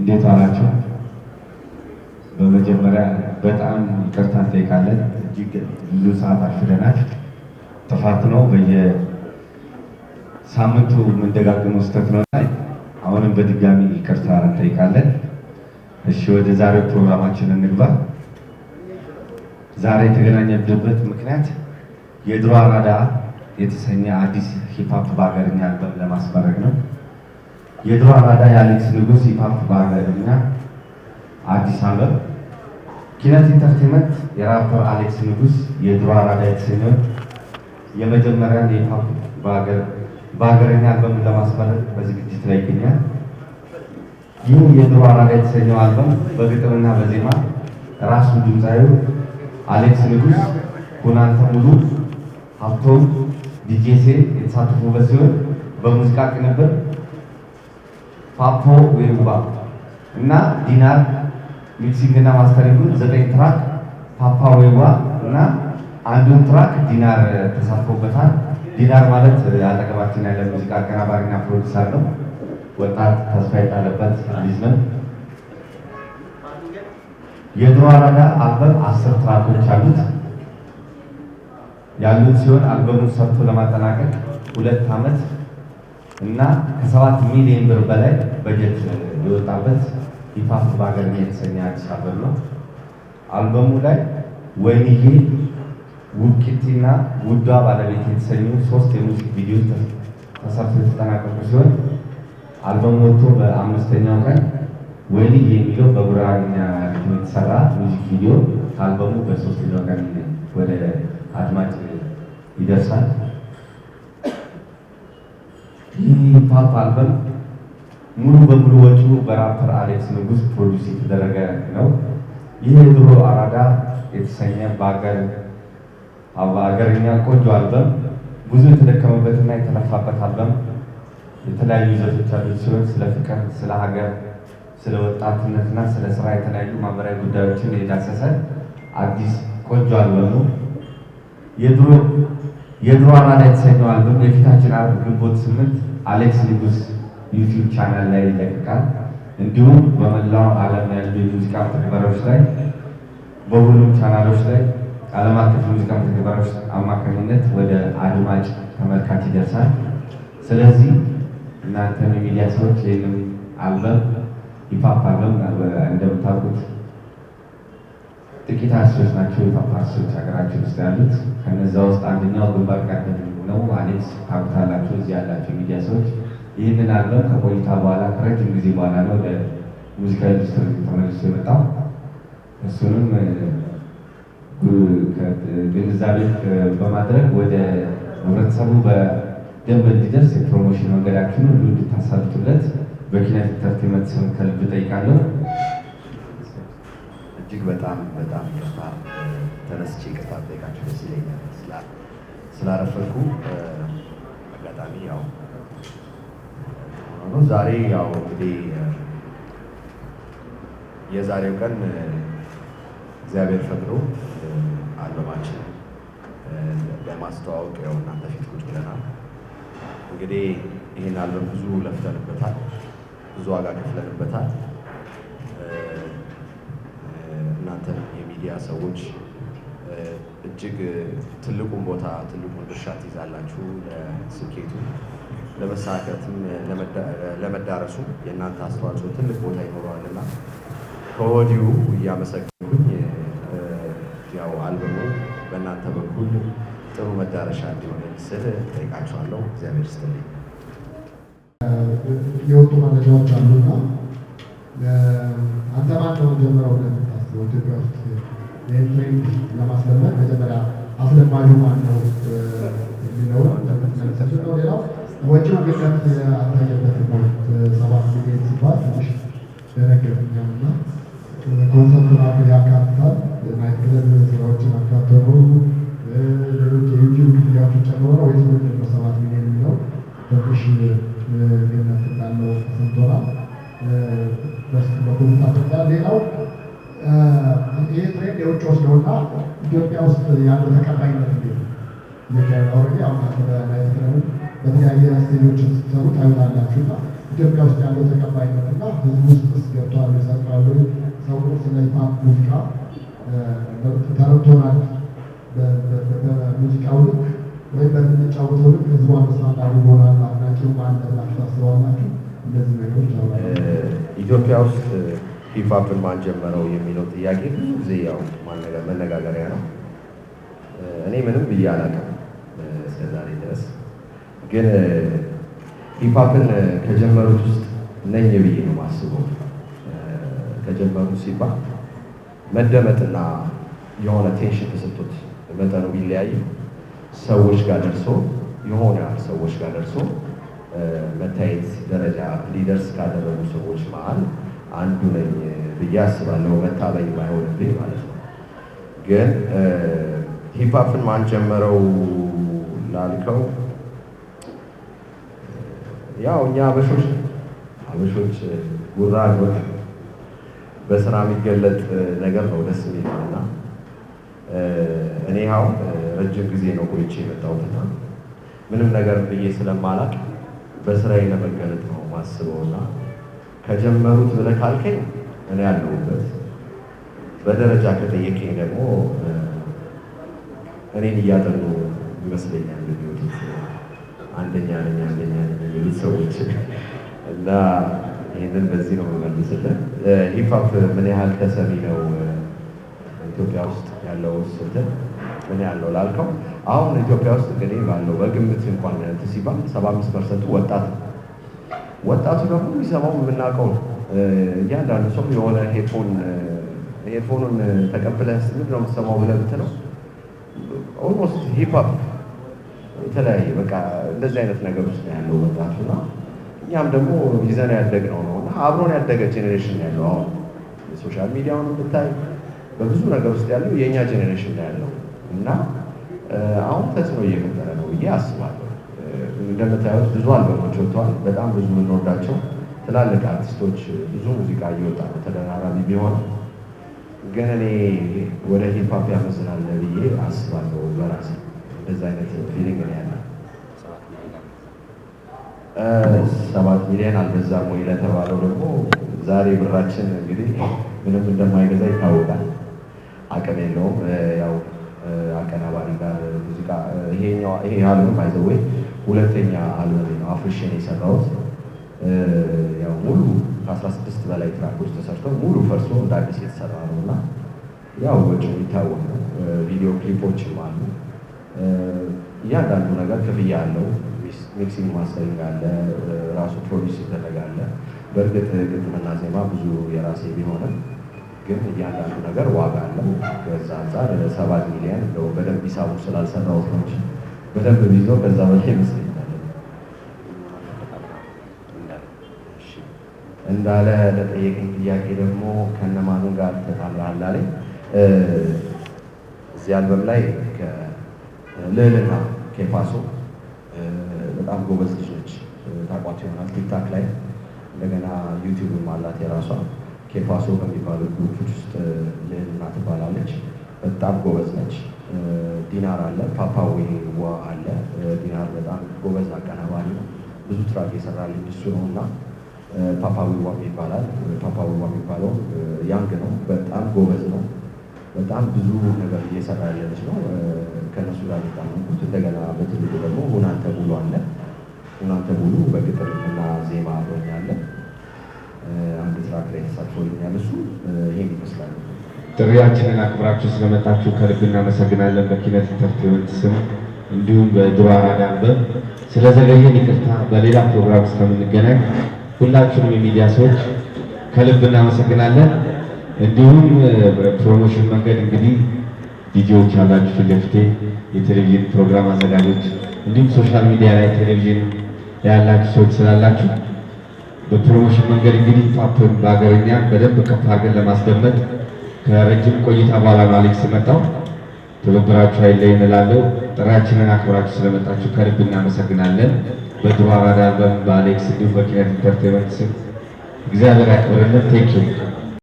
እንዴት ዋላችሁ? በመጀመሪያ በጣም ይቅርታ እንጠይቃለን። እጅግ ብዙ ሰዓት አርፍደናል። ጥፋት ነው። በየሳምንቱ የምንደጋግመው ስህተት ነው። አሁንም በድጋሚ ይቅርታ እንጠይቃለን። እሺ፣ ወደ ዛሬው ፕሮግራማችን እንግባ። ዛሬ የተገናኘንበት ምክንያት የድሮ አራዳ የተሰኘ አዲስ ሂፕ በሀገርኛ በሀገርኛ ለማስመረቅ ነው። የድሮ አራዳ የአሌክስ ንጉስ የፓርክ ባህል አዲስ አበባ ኪነት ኢንተርቴንመንት የራፐር አሌክስ ንጉስ የድሮ አራዳ የተሰኘ የመጀመሪያን የፓፕ በሀገረኛ አልበም ለማስመረጥ በዝግጅት ላይ ይገኛል። ይህ የድሮ አራዳ የተሰኘው አልበም በግጥምና በዜማ ራሱ ድምፃዩ አሌክስ ንጉስ፣ ኩናንተ ሙሉ፣ ሀብቶም ዲጄሴ የተሳተፉበት ሲሆን በሙዚቃ ቅንብር ፓፖ ዌሩባ እና ዲናር ሚክሲንግ ማስተሪንግ ዘጠኝ ትራክ ፓፓ ዌሩባ እና አንዱን ትራክ ዲናር ተሳትፎበታል። ዲናር ማለት አጠገባችን ያለ ሙዚቃ አቀናባሪና ፕሮዲሰር ነው። ወጣት ተስፋ የጣለበት ልጅ ነው። የድሮ አራዳ አልበም አስር ትራኮች አሉት ያሉት ሲሆን አልበሙን ሰርቶ ለማጠናቀቅ ሁለት ዓመት እና ከሰባት ሚሊዮን ብር በላይ በጀት የወጣበት ይፋፍ በአገርኛ የተሰኘ አዲስ አልበም ነው። አልበሙ ላይ ወይንዬ፣ ውብቂቲና ውዷ ባለቤት የተሰኙ ሶስት የሙዚክ ቪዲዮ ተሰርተው የተጠናቀቁ ሲሆን አልበሙ ወጥቶ በአምስተኛው ቀን ወይንዬ የሚለው በጉራግኛ የተሰራ ሙዚክ ቪዲዮ ከአልበሙ በሶስተኛው ቀን ወደ አድማጭ ይደርሳል። ይህ ፓፕ አልበም ሙሉ በሙሉ ወጪው በራፐር አሌክስ ንጉስ ፕሮዲስ የተደረገ ነው። ይህ የድሮ አራዳ የተሰኘ አገርኛ ቆንጆ አልበም ብዙ የተደከመበትና የተለፋበት አልበም የተለያዩ ይዘቶች ያሉት ሲሆን ስለ ፍቅር፣ ስለ ሀገር፣ ስለ ወጣትነትና ስለ ስራ የተለያዩ ማህበራዊ ጉዳዮችን የዳሰሰ አዲስ ቆንጆ አልበም ነው። የድሮ አራዳ የተሰኘው አልበም የፊታችን አርብ ግንቦት ስምንት አሌክስ ንጉስ ዩቲዩብ ቻናል ላይ ይለቀቃል። እንዲሁም በመላው ዓለም ያሉ የሙዚቃ ተግባሮች ላይ በሁሉም ቻናሎች ላይ ዓለም አቀፍ ሙዚቃ ተግባሮች አማካኝነት ወደ አድማጭ ተመልካች ይደርሳል። ስለዚህ እናንተም የሚዲያ ሰዎች ይህንም አልበም ሂፓፕ እንደምታውቁት ጥቂት አርቲስቶች ናቸው የሂፓፕ አርቲስቶች ሀገራችን ውስጥ ያሉት። ከነዛ ውስጥ አንደኛው ግንባር ቀደም ነው። አሌክስ ታውቁታላችሁ፣ እዚህ ያላቸው ሚዲያ ሰዎች ይህንን አልበም ከቆይታ በኋላ ከረጅም ጊዜ በኋላ ነው ለሙዚቃ ኢንዱስትሪ ተመልሶ የመጣው። እሱንም ግንዛቤ በማድረግ ወደ ህብረተሰቡ በደንብ እንዲደርስ የፕሮሞሽን መንገዳችን ሁሉ እንድታሳልጡለት በኪነት ኢንተርቴንመንት ስም ከልብ እጠይቃለሁ። እጅግ በጣም በጣም ይቅርታ ተነስቼ ይቅርታ ጠይቃቸው ደስ ይለኛል ስላረፈልኩ አጋጣሚ ያው ዛሬ ያው እንግዲህ የዛሬው ቀን እግዚአብሔር ፈቅዶ አለማችን ለማስተዋወቅ ያው እናንተ ፊት ቁጭ ብለናል። እንግዲህ ይህን አልበም ብዙ ለፍተንበታል፣ ብዙ ዋጋ ከፍለንበታል። እናንተ የሚዲያ ሰዎች እጅግ ትልቁን ቦታ ትልቁን ድርሻ ትይዛላችሁ ለስኬቱ ለመሳካትም ለመዳረሱ የእናንተ አስተዋጽኦ ትልቅ ቦታ ይኖረዋልና ከወዲሁ እያመሰገንኩኝ ያው አልበሙ በእናንተ በኩል ጥሩ መዳረሻ እንዲሆን ስል ጠይቃችኋለሁ። እግዚአብሔር ይስጥልኝ። የወጡ መረጃዎች አሉና አንተ ማነው መጀመሪያው እንደምታስበው ኢትዮጵያ ውስጥ ይህን ትሬንድ ለማስለመድ መጀመሪያ አስለማጁ ማነው የሚለውን ሌላው ወጪው ግለት አልታየበት ሰባት ሚሊዮን ሲባል ትንሽ ደነገጠኛል እና ኮንሰርቱን ያካትታል ናይት ስራዎችን አካተሉ ሌሎች የዩቲዩብ ክፍያዎች ጨምሮ ወይስ ምንድን ነው ሰባት ሚሊዮን የሚለው በሽ ገነት እንዳለው ተሰምቶናል። በኮሚታ ሌላው ይህ ትሬንድ የውጭ ወስደውና ኢትዮጵያ ውስጥ ያለው ተቀባይነት እንዴት ነው? ኢትዮጵያ ኦልሬዲ አሁን ናይት በተለያየ ስቴጆችን ስትሰሩ ታዩታላችሁ እና ኢትዮጵያ ውስጥ ያለው ተቀባይነት እና ህዝቡ ውስጥ ገብተዋል የሰራሉ ሰው ስለ ሂፓፕ ሙዚቃ ተረድቶናል። በሙዚቃው ልክ ወይም በምንጫወተው ልክ ህዝቡ አንስማት አድርጎናል። አድናቂው በአንድ ብላችሁ ታስበዋላችሁ። እነዚህ ነገሮች ኢትዮጵያ ውስጥ ሂፓፕን ማን ጀመረው የሚለው ጥያቄ ብዙ ጊዜ ያው መነጋገሪያ ነው። እኔ ምንም ብዬ አላውቅም እስከዛሬ ድረስ ግን ሂፓፕን ከጀመሩት ውስጥ ነኝ ብዬ ነው ማስበው። ከጀመሩ ሲባል መደመጥና የሆነ ቴንሽን ተሰጥቶት መጠኑ ቢለያይም ሰዎች ጋር ደርሶ የሆነ ሰዎች ጋር ደርሶ መታየት ደረጃ ሊደርስ ካደረጉ ሰዎች መሀል አንዱ ነኝ ብዬ አስባለሁ። መታበይ ማይሆንብኝ ማለት ነው። ግን ሂፓፕን ማን ጀመረው ላልከው ያው እኛ አበሾች አበሾች ጉራ ጎት በስራ የሚገለጥ ነገር ነው ደስ የሚል እኔ ያው ረጅም ጊዜ ነው ቆይቼ የመጣሁትና ምንም ነገር ብዬ ስለማላቅ በስራዬ ለመገለጥ ነው ማስበውና ከጀመሩት ብለህ ካልከኝ እኔ ያለሁበት በደረጃ ከጠየቀኝ ደግሞ እኔን እያጠኑ ይመስለኛል። ወደፊት አንደኛ ነኝ አንደኛ ሰዎች እና ይህንን በዚህ ነው የምመልስልን። ሂፓፕ ምን ያህል ተሰሚ ነው ኢትዮጵያ ውስጥ ያለው ስትል ምን ያለው ላልከው፣ አሁን ኢትዮጵያ ውስጥ እንግዲህ ባለው በግምት እንኳን ሲባል ሰባ አምስት ፐርሰንቱ ወጣት ነው። ወጣቱ ደግሞ የሚሰማው የምናውቀው ነው። እያንዳንዱ ሰው የሆነ ሄድፎን ሄድፎኑን ተቀብለህ ምንድን ነው የምትሰማው ብለህ ብትለው ኦልሞስት ሂፓፕ የተለያየ በቃ እንደዚህ አይነት ነገር ውስጥ ነው ያለው ወጣቱ እና እኛም ደግሞ ይዘን ያደግነው ነው እና አብሮን ያደገ ጄኔሬሽን ነው ያለው። አሁን ሶሻል ሚዲያውን ብታይ በብዙ ነገር ውስጥ ያለው የእኛ ጄኔሬሽን ነው ያለው እና አሁን ተጽዕኖ እየፈጠረ ነው ብዬ አስባለሁ። እንደምታዩት ብዙ አልበሞች ወጥተዋል። በጣም ብዙ የምንወዳቸው ትላልቅ አርቲስቶች ብዙ ሙዚቃ እየወጣ ነው ተደራራቢ ቢሆን ግን እኔ ወደ ሂፓፕ ሆፕ ያመዝናል ብዬ አስባለሁ በራሴ እንደዛ አይነት ፊሊንግ ነው ያለ። ሰባት ሚሊዮን አልበዛም ወይ ለተባለው ደግሞ ዛሬ ብራችን እንግዲህ ምንም እንደማይገዛ ይታወቃል። አቅም የለውም። ያው አቀናባሪ ጋር ሙዚቃ ይሄ አልበም አይዘወይ ሁለተኛ አልበም ነው አፍርሽን የሰራሁት። ያው ሙሉ ከ16 በላይ ትራኮች ተሰርተው ሙሉ ፈርሶ እንደ አዲስ የተሰራ ነው እና ያው ወጪው የሚታወቅ ነው። ቪዲዮ ክሊፖችም አሉ እያንዳንዱ ነገር ክፍያ አለው። ሚክሲንግ ማስተሪንግ አለ፣ ራሱ ፕሮዲስ ይደረጋለ። በእርግጥ ግጥምና ዜማ ብዙ የራሴ ቢሆንም ግን እያንዳንዱ ነገር ዋጋ አለው። በዛ አንጻር ሰባት ሚሊዮን እንደው በደንብ ሂሳቡ ስላልሰራሁት ነው በደንብ ቢዞ ከዛ በላይ ይመስለኛል። እንዳለ ለጠየቀኝ ጥያቄ ደግሞ ከነማኑ ጋር ተጣምረሃል አለኝ እዚህ አልበም ላይ ልዕልና ኬፓሶ በጣም ጎበዝ ልጆች ታቋት ይሆናል። ቲክታክ ላይ እንደገና ዩቲዩብም አላት የራሷ ኬፓሶ በሚባሉ ግሩፖች ውስጥ ልዕልና ትባላለች። በጣም ጎበዝ ነች። ዲናር አለ፣ ዋ አለ። ዲናር በጣም ጎበዝ አቀናባሪ ነው። ብዙ ትራክ የሰራልኝ እሱ ነው እና ፓፓዊዋ ይባላል። ፓፓዊዋ የሚባለው ያንግ ነው። በጣም ጎበዝ ነው። በጣም ብዙ ነገር እየሰራ ያለች ነው። እንደገና በትልቁ ደግሞ ሁናንተ ሙሉ አለ። ሁናንተ ሙሉ በግጥም እና ዜማ አብሮኛለ። አንድ ትራክ ላይ ተሳትፎልኛል። እሱ ይሄን ይመስላል። ጥሪያችንን አክብራችሁ ስለመጣችሁ ከልብ እናመሰግናለን። በኪነት ኢንተርቴመንት ስም እንዲሁም በድሮ አራዳ አንበብ ስለዘገየን ይቅርታ። በሌላ ፕሮግራም እስከምንገናኝ ሁላችሁንም የሚዲያ ሰዎች ከልብ እናመሰግናለን። እንዲሁም በፕሮሞሽን መንገድ እንግዲህ ቪዲዮዎች ያላችሁ ፊት ለፊቴ የቴሌቪዥን ፕሮግራም አዘጋጆች፣ እንዲሁም ሶሻል ሚዲያ ላይ ቴሌቪዥን ያላችሁ ሰዎች ስላላችሁ በፕሮሞሽን መንገድ እንግዲህ ፓፕን በሀገርኛ በደንብ ከፍ አድርገን ለማስደመጥ ከረጅም ቆይታ በኋላ ነው አሌክስ መጣው ትብብራችሁ አይለይ እንላለው። ጥሪያችንን አክብራችሁ ስለመጣችሁ ከልብ እናመሰግናለን። በድሮ አራዳ በአሌክስ እንዲሁም በኪነት ኢንተርቴንመንት ስም እግዚአብሔር ያክብርልን። ቴንኪዩ